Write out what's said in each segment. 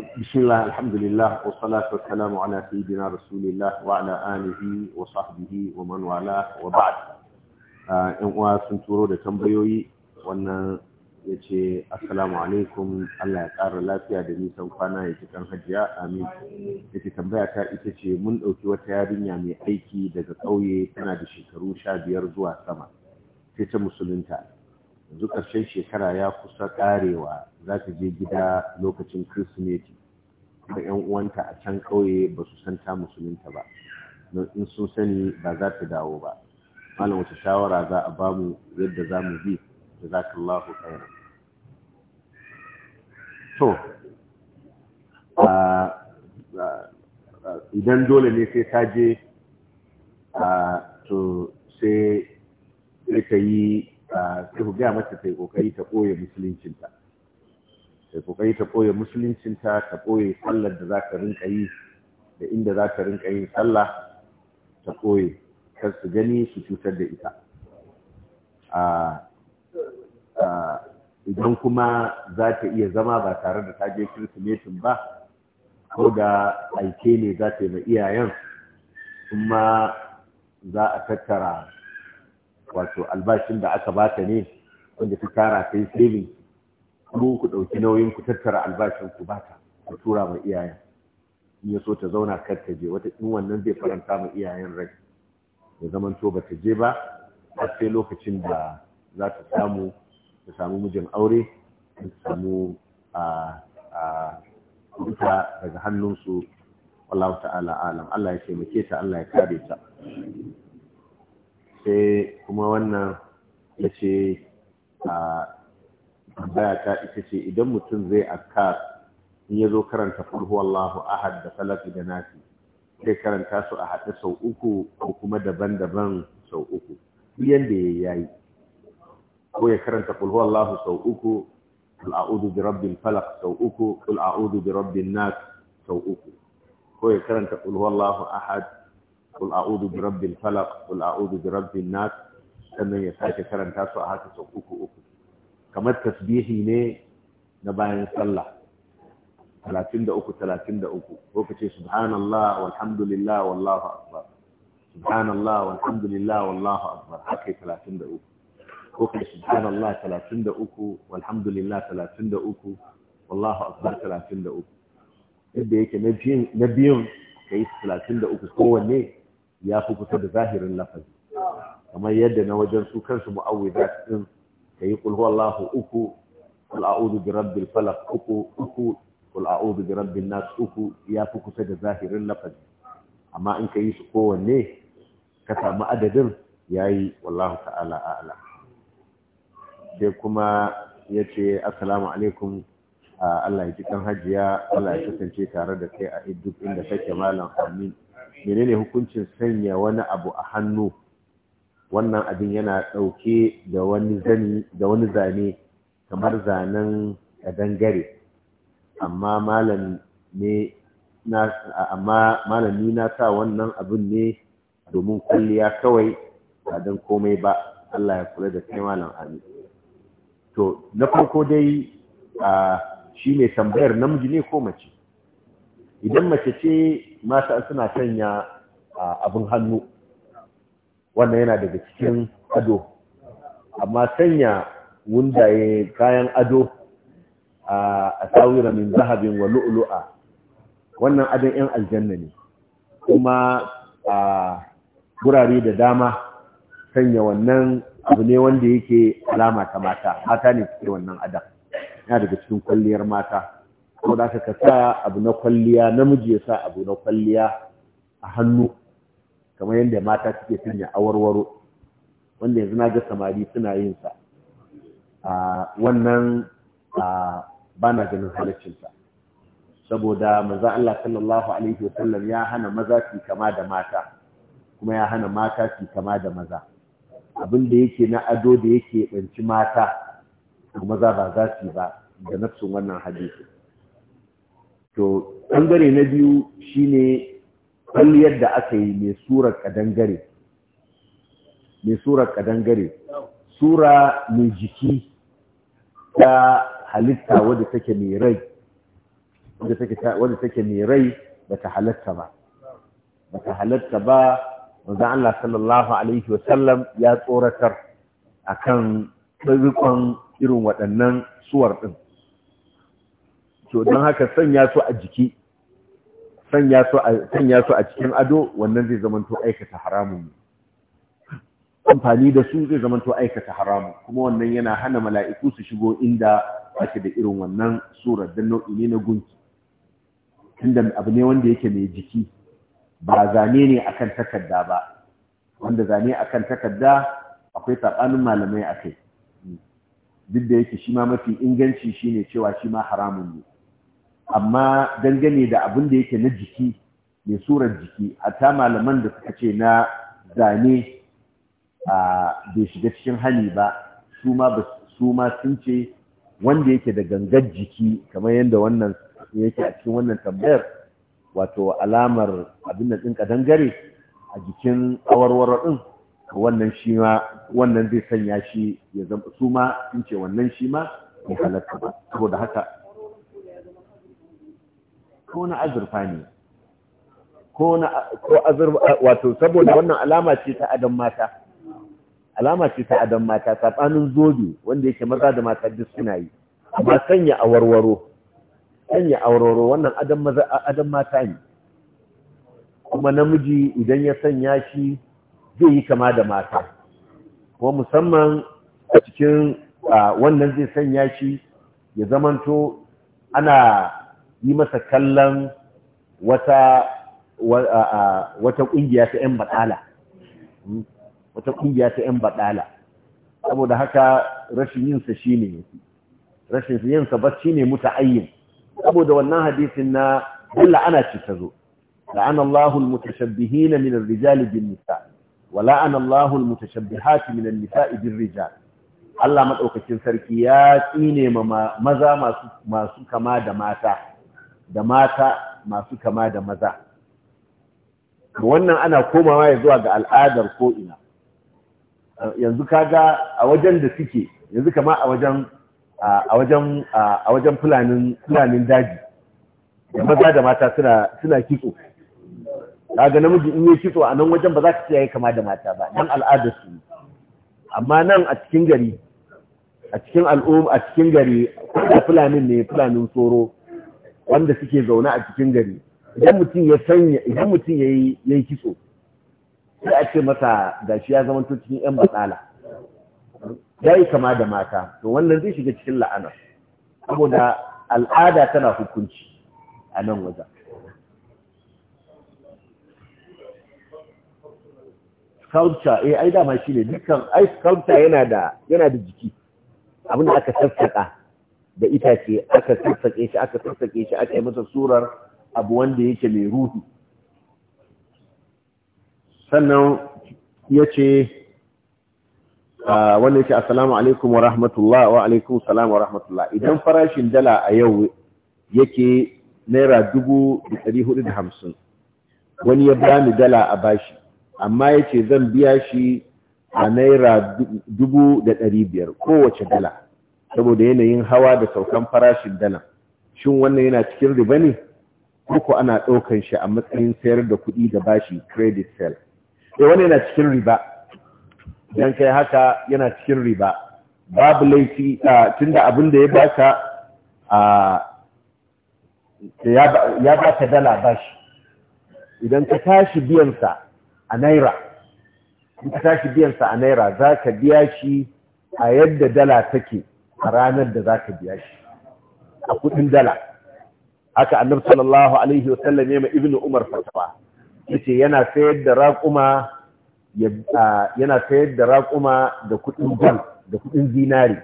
بسم الله الحمد لله والصلاة والسلام على سيدنا رسول الله وعلى آله وصحبه ومن والاه وبعد إن واسم تورو tambayoyi, wannan yace assalamu alaikum Allah ya ƙara lafiya da nisan kwana ya kan hajiya amin yace tambaya ta ita ce mun ɗauki wata yarinya mai aiki daga ƙauye tana da shekaru sha biyar zuwa sama sai ta musulunta yanzu ƙarshen shekara ya kusa ƙarewa za ta je gida lokacin kirsimeti da yan uwanta a can ƙauye ba su san ta musulunta ba don in sun sani ba za ta dawo ba malam wata shawara za a ba mu yadda za mu bi da za ka Allahu kayan to idan dole ne sai ta je to sai ta yi ta gaya mata ta yi kokari ta koya musuluncinta da kokari ta koya musuluncinta ta koya sallar da za ka rinka yi da inda za ka rinka yin sallah ta koya kar su gani su cutar da ita idan kuma za ta iya zama ba tare da ta je kirsimetin ba ko da aike ne za ta yi ma iyayen kuma za a tattara wato albashin da aka bata ne wanda ta tara ta yi saving ku ku ɗauki nauyin ku tattara albashin ku bata ku tura ma iyayen in ya so ta zauna kar ta je wata in wannan zai faranta ma iyayen rai ya zama to bata je ba har sai lokacin da za ta samu ta samu mijin aure ta samu a daga hannunsu Allah ta'ala alam Allah ya taimake ta Allah ya kare ta sai kuma wannan ya ce a tambaya ta ita ce idan mutum zai askar in ya zo karanta kulhu Allahu ahad da falaki da nasi zai karanta su a haɗe sau uku ko kuma daban-daban sau uku yanda ya yayi ko ya karanta kulhu Allahu sau uku kul a'udhu bi rabbil falaq sau uku kul a'udhu bi rabbin nas sau uku ko ya karanta kulhu Allahu ahad kul a'udhu bi rabbil falaq kul a'udhu bi rabbin nas sannan ya sake karanta su a haka sau uku uku kamar tasbihi ne na bayan sallah 33 33 ko kace subhanallah walhamdulillah wallahu akbar subhanallah walhamdulillah wallahu akbar haka 33 ko kace subhanallah 33 walhamdulillah 33 wallahu akbar 33 yadda yake na biyun na biyun kai 33 kowanne ya fi kusa da zahirin lafazi kamar yadda na wajen su kansu mu'awwidat din kayi kulhu allahu uku qul a'udhu birabbil falaq uku uku qul a'udhu birabbin nas uku ya fi kusa da zahirin lafazi amma in kayi su kowanne ka samu adadin yayi wallahu ta'ala ala. sai kuma yace assalamu alaikum Allah ya ji kan hajiya Allah ya kasance tare da kai a duk inda kake malam amin menene hukuncin sanya wani abu a hannu wannan abin yana ɗauke da wani zane kamar zanen dangare amma amma malami na sa wannan abin ne domin kwalliya kawai ba don komai ba Allah ya kula da kai malam amin to na farko dai a shi mai tambayar namiji ne ko mace idan mace ce mata suna sanya abin hannu wannan yana daga cikin ado amma sanya wundaye kayan ado a asawira min zahabin wa lu'lu'a wannan adon 'yan aljanna ne kuma a gurare da dama sanya wannan abu ne wanda yake alama ta mata mata ne suke wannan adam yana daga cikin kwalliyar mata ko da ka sa abu na kwalliya namiji ya sa abu na kwalliya a hannu kamar yadda mata suke sanya awarwaro wanda yanzu na ga samari suna yin sa wannan ba na ganin sa saboda manzo Allah sallallahu alaihi wasallam ya hana maza su kama da mata kuma ya hana mata su kama da maza abin da yake na ado da yake banci mata maza ba za su ba da nafsun wannan hadisi to bangare na biyu shine kwalliyar yadda aka yi mai surar ƙadangare, mai surar kadangare sura mai jiki ta halitta wadda take mai rai wadda take mai rai ba ta halatta ba ba ta halatta ba wanda Allah sallallahu alaihi wasallam ya tsoratar a kan ɗarikon irin waɗannan suwar ɗin to don haka sanya su a jiki sanya su a cikin ado wannan zai zamanto aikata haramun amfani da su zai zamanto aikata haramu. kuma wannan yana hana mala'iku su shigo inda ake da irin wannan surar don nau'i ne na gunki tunda abu ne wanda yake mai jiki ba zane ne akan takarda ba wanda zane akan takarda akwai tsakanin malamai a kai. duk da yake shi ma mafi inganci shine cewa shi ma haramun ne amma dangane da abin da yake na jiki mai surar jiki hatta malaman da suka ce na zane a bai shiga cikin hali ba su ma sun ce wanda yake da gangar jiki kamar yadda wannan yake a cikin wannan tambayar wato alamar abin da ɗin kadangare a jikin awarwaro ɗin wannan shi ma wannan zai sanya shi ya zama su ma sun ce wannan shi ma ya halatta ba saboda haka ko na azurfa ne ko na ko azurfa wato saboda wannan alama ce ta adam mata alama ce ta adam mata tsakanin zobe wanda yake maza da mata duk suna yi amma sanya awarwaro sanya awarwaro wannan adam maza adam mata ne kuma namiji idan ya sanya shi zai yi kama da mata kuma musamman a cikin wannan zai sanya shi ya zamanto ana yi masa kallon wata wata kungiya ta yan badala wata kungiya ta yan saboda haka rashin yin sa shine rashin yin sa bacci ne muta'ayyin saboda wannan hadisin na Allah ana ce ta zo la'ana Allahul mutashabbihina min ar-rijali bin nisa' ولعن الله minan nisa, النساء بالرجال Allah madaukakin sarki ya tsine ma maza masu masu kama da mata da mata masu kama da maza wannan ana komawa ya zuwa ga al'adar ko'ina yanzu kaga a wajen da suke yanzu kama a wajen fulanin daji da maza da mata suna kitso kaga namiji in yi kitso a nan wajen ba za ka ce kama da mata ba don al'adar su amma nan a cikin gari a cikin al'um a cikin gari ko fulanin ne fulanin tsoro wanda suke zaune a cikin gari idan mutum ya sanya idan mutum yayi yayi kitso sai a ce masa gashi ya zama cikin yan batsala yi kama da mata to wannan zai shiga cikin la'ana saboda al'ada tana hukunci a nan wajen sculpture eh ai dama shine dukkan ai sculpture yana da yana da jiki abin da aka sassaka da itace aka sassake shi aka sassake shi aka yi masa surar abu wanda yake mai ruhu sannan ya ce wanda ya ce assalamu alaikum wa rahmatullah wa alaikum salam wa rahmatullah idan farashin dala a yau yake naira dubu da tsari hudu da hamsin wani ya bani dala a bashi amma ya ce zan biya shi a naira dubu da ɗari biyar kowace dala saboda yanayin hawa da saukan farashin dala shin wannan yana cikin riba ne ko ana ɗaukan shi a matsayin sayar da kuɗi da bashi credit sale eh wannan yana cikin riba dan kai haka yana cikin riba babu laifi tunda abin da ya baka ya baka dala bashi idan ka tashi biyan sa a naira in ka tashi biyan sa a naira zaka biya shi a yadda dala take a ranar da za ka biya shi a kudin dala haka annab sallallahu alaihi wasallam ya ma ibnu umar fatawa ce yana sayar da raƙuma yana sayar da raƙuma da kudin dal da kudin zinari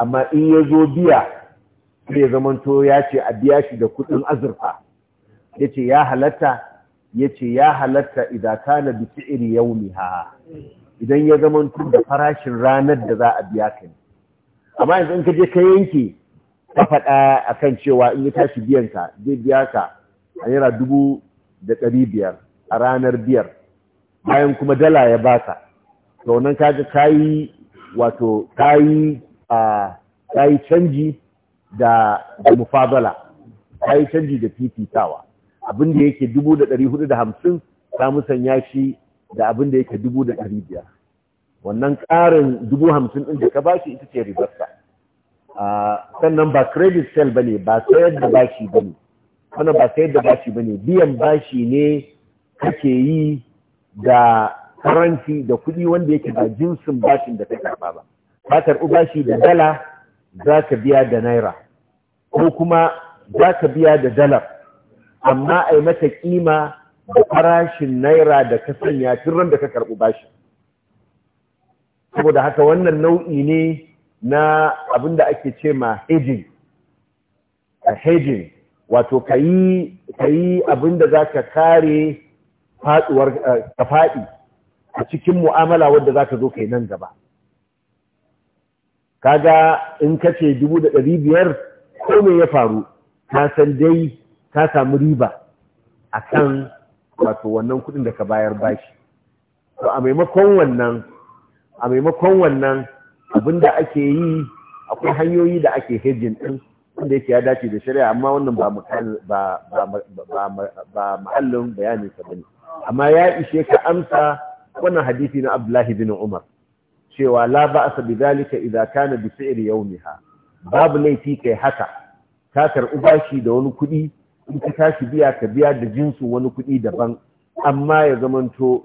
amma in ya zo biya sai zamanto ya ce a biya shi da kudin azurfa yace ya halatta yace ya halatta idan kana bi fi'ri ha idan ya zamanto da farashin ranar da za a biya ka ne amma yanzu in ka je ka yanke ka faɗa a kan cewa in ya tashi biyan ka zai biya ka a naira dubu da ɗari biyar a ranar biyar bayan kuma dala ya baka to nan kaga kayi wato kayi a kayi canji da da mufadala kayi canji da fifitawa abin da yake dubu da ɗari hudu da hamsin samun sanya shi da abin da yake dubu da ɗari biyar wannan ƙarin dubu hamsin ɗin da ka bashi ita ce ribarsa sannan ba credit sale ba ne ba sayar da bashi ba ne wannan ba sayar da bashi ba ne biyan bashi ne kake yi da karanci da kuɗi wanda yake ba jinsin bashin da ka karɓa ba ka karɓi bashi da dala za ka biya da naira ko kuma za ka biya da dalar amma a yi mata kima da farashin naira da ka sanya tun da ka karɓi bashin saboda haka wannan nau'i ne na abin da ake ce ma hedging hedging wato ka yi abin da za ka kare eh, ka faɗi a cikin mu'amala wadda za ka zo kai nan gaba kaga in ka ce dubu da ɗari biyar ko me ya faru ka san dai ka samu riba a kan wato wannan kuɗin da ka bayar bashi to a maimakon wannan a maimakon wannan abin da ake yi akwai hanyoyi da ake hejin ɗin wanda yake ya dace da shari'a amma wannan ba ma'allin bayanin sa bane amma ya ishe ka amsa wannan hadisi na Abdullahi bin Umar cewa la bi zalika idza kana bi fi'l yawmiha babu laifi kai haka ka karɓi bashi da wani kuɗi in ka tashi biya ka biya da jinsu wani kuɗi daban amma ya zamanto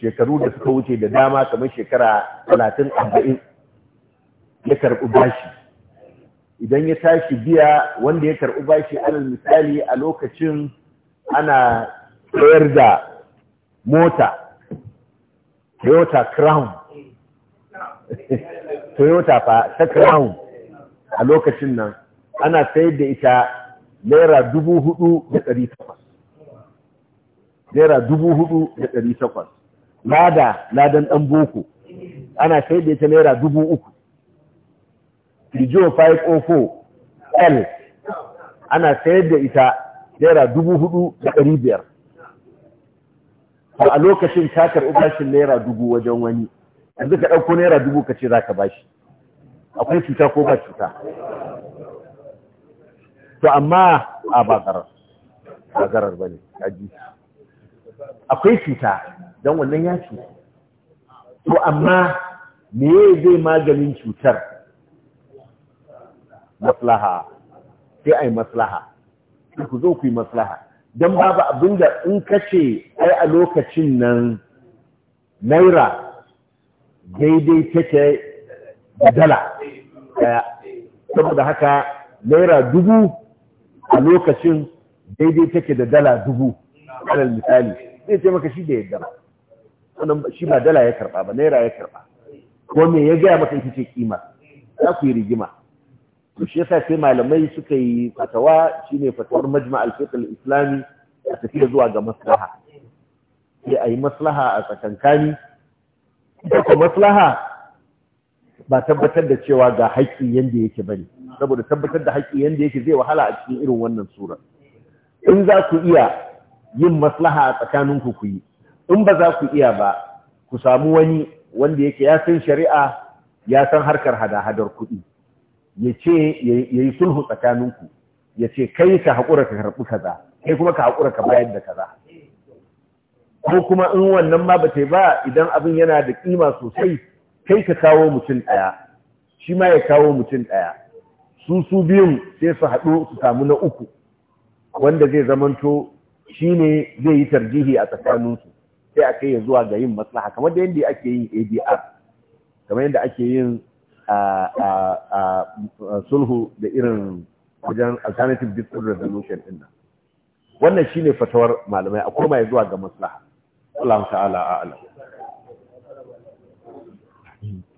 shekaru da suka wuce da dama kamar shekara talatin arba'in ya karɓi bashi idan ya tashi biya wanda ya karɓi bashi alal misali a lokacin ana sayar da mota toyota crown toyota fa ta crown a lokacin nan ana sayar da ita naira dubu hudu da ɗari takwas naira dubu lada ladan dan boko ana sai da ita naira dubu uku Peugeot 504 L ana sai da ita naira dubu hudu da ɗari biyar a lokacin takar ubashin naira dubu wajen wani yanzu ka ɗauko naira dubu ka ce za ka bashi akwai cuta ko ba cuta to amma a ba garar ba ne akwai cuta don wannan ya ce to amma me zai maganin cutar maslaha sai a yi maslaha ku zo ku yi maslaha don babu abin da in kace ai a lokacin nan naira daidai take da dala daya saboda haka naira dubu a lokacin daidai take da dala dubu alal misali zai ce maka shi da yadda ba shi ba dala ya karba ba naira ya karba ko me ya gaya maka ita ce kima za ku yi rigima to shi yasa sai malamai suka yi fatawa shine fatawar majma al-fiqh al-islami a tafi zuwa ga maslaha sai a yi maslaha a tsakankani ita maslaha ba tabbatar da cewa ga haƙƙi yanda yake bane saboda tabbatar da haƙƙi yanda yake zai wahala a cikin irin wannan sura in za ku iya yin maslaha a tsakaninku ku yi in ba za ku iya ba ku samu wani wanda yake ya san shari'a ya san harkar hada-hadar kuɗi ya ce ya yi sulhu tsakaninku ya ce kai ka haƙura ka karɓi kaza kai kuma ka haƙura ka bayar da kaza ko kuma in wannan ma ba ta ba idan abin yana da ƙima sosai kai ka kawo mutum ɗaya shi ma ya kawo mutum ɗaya su su biyun sai su haɗu su samu na uku wanda zai zamanto shi ne zai yi tarjihi a tsakaninsu sai a kai ya zuwa ga yin maslaha kamar da yadda ake yin ADR kamar yadda ake yin sulhu da irin wajen alternative dispute resolution din nan wannan shine fatawar malamai a koma zuwa ga maslaha Allah ta'ala a'lam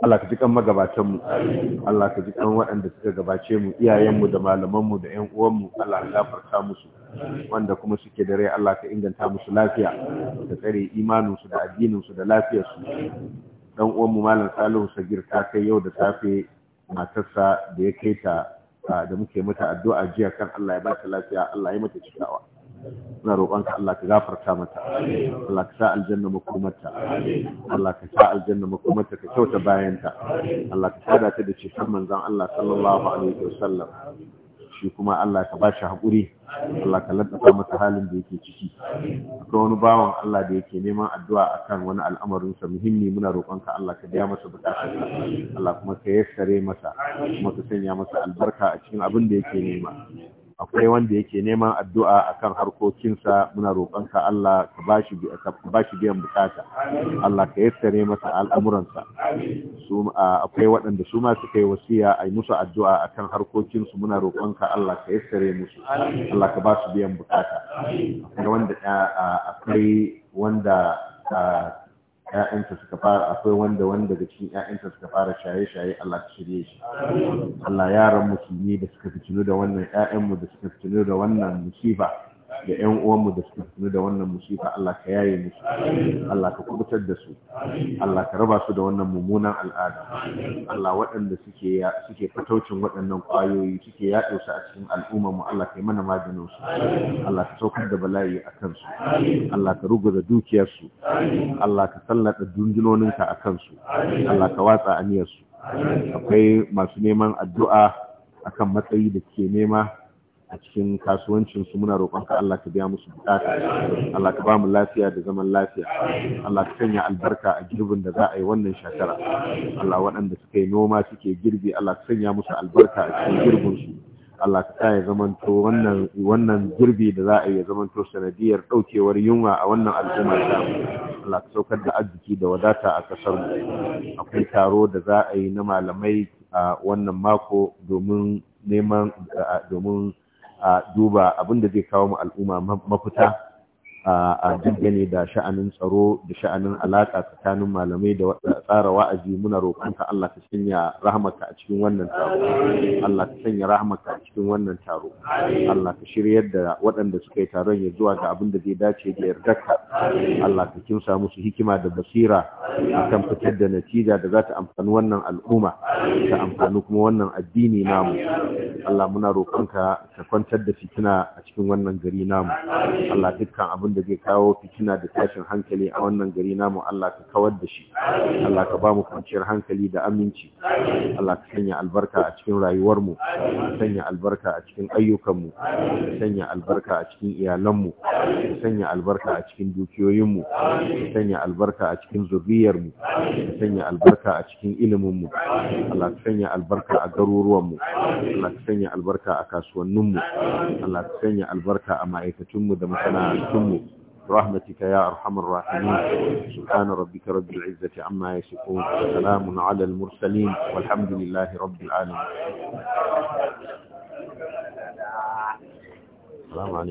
Allah ka ji kan magabatan mu Allah ka ji kan waɗanda suka gabace mu iyayenmu, da malaman da ƴan uwan mu Allah ya gafarta musu wanda kuma suke da rai Allah ka inganta musu lafiya ka tsare imanin da addininsu, da lafiyarsu. su dan malam Salihu Sagir ta kai yau da safe matarsa da ya kai ta da muke mata addu'a jiya kan Allah ya ba ta lafiya Allah ya mata cikawa muna roƙonka Allah ka gafarta mata Allah ka sa aljanna makomarta Allah ka sa aljanna makomarta ka kyauta bayanta Allah ka sada ta da cikin manzon Allah sallallahu alaihi wasallam shi kuma Allah ka bashi haƙuri Allah ka lantafa masa halin da yake ciki akwai wani bawan Allah da yake neman addu'a akan wani al'amarin sa muhimmi muna roƙonka Allah ka biya masa bukatarsa Allah kuma ka yassare masa kuma ka sanya masa albarka a cikin abin da yake nema akwai wanda yake neman addu'a akan harkokinsa muna roƙonka Allah ka bashi bashi biyan bukata Allah ka yassare masa al'amuransa su akwai waɗanda su ma suka yi wasiya ai musu addu'a akan harkokinsu muna roƙonka Allah ka yassare musu Allah ka basu biyan bukata akwai wanda akwai wanda ƴaƴanta suka fara akwai wanda wanda daga cikin ƴaƴanta suka fara shaye-shaye Allah ta shirye shi Allah yaran musulmi da suka fitinu da wannan ƴaƴan mu da suka fitinu da wannan musiba da ƴan uwanmu da suka tunu da wannan musifa Allah ka yaye musu Allah ka kubutar da su Allah ka raba su da wannan mummunan al'ada Allah waɗanda suke suke fataucin waɗannan ƙwayoyi suke yaɗo su a cikin al'ummar mu Allah ka yi mana maganin su Allah ka saukar da bala'i a kansu Allah ka ruguza dukiyar su Allah ka sallata ka a kansu Allah ka watsa aniyar su akwai masu neman addu'a akan matsayi da ke nema a cikin kasuwancin su muna roƙonka Allah ka biya musu bukata Allah ka ba mu lafiya da zaman lafiya Allah ka sanya albarka a girbin da za a yi wannan shekara Allah waɗanda suka yi noma suke girbi Allah ka sanya musu albarka a cikin girbin su Allah ka ya zamanto wannan wannan girbi da za a yi zamanto sanadiyar daukewar yunwa a wannan al'umma ta Allah ka saukar da arziki da wadata a kasar mu akwai taro da za a yi na malamai a wannan mako domin neman domin a duba abin da zai kawo mu al'umma mafuta. a dangane da sha'anin tsaro da sha'anin alaƙa tsakanin malamai da tsara wa'azi muna roƙonka Allah ka sanya rahmaka a cikin wannan taro Allah ka sanya rahmaka a cikin wannan taro Allah ka shiryar da waɗanda suka yi taron ya zuwa ga abin da zai dace da yardarka Allah ka kimsa musu hikima da basira akan fitar da natija da za ta amfani wannan al'umma ta amfani kuma wannan addini namu Allah muna roƙonka ka kwantar da fitina a cikin wannan gari namu Allah dukkan abin abin da zai kawo fitina da tashin hankali a wannan gari namu Allah ka kawar da shi Allah ka bamu kwanciyar hankali da aminci Allah ka sanya albarka a cikin rayuwarmu sanya albarka a cikin ayyukanmu sanya albarka a cikin iyalanmu sanya albarka a cikin dukiyoyinmu sanya albarka a cikin zuriyarmu sanya albarka a cikin iliminmu Allah ka sanya albarka a garuruwanmu Allah ka sanya albarka a kasuwanninmu Allah ka sanya albarka a ma'aikatunmu da masana'antunmu برحمتك يا أرحم الراحمين سبحان ربك رب العزة عما يصفون سلام على المرسلين والحمد لله رب العالمين السلام عليكم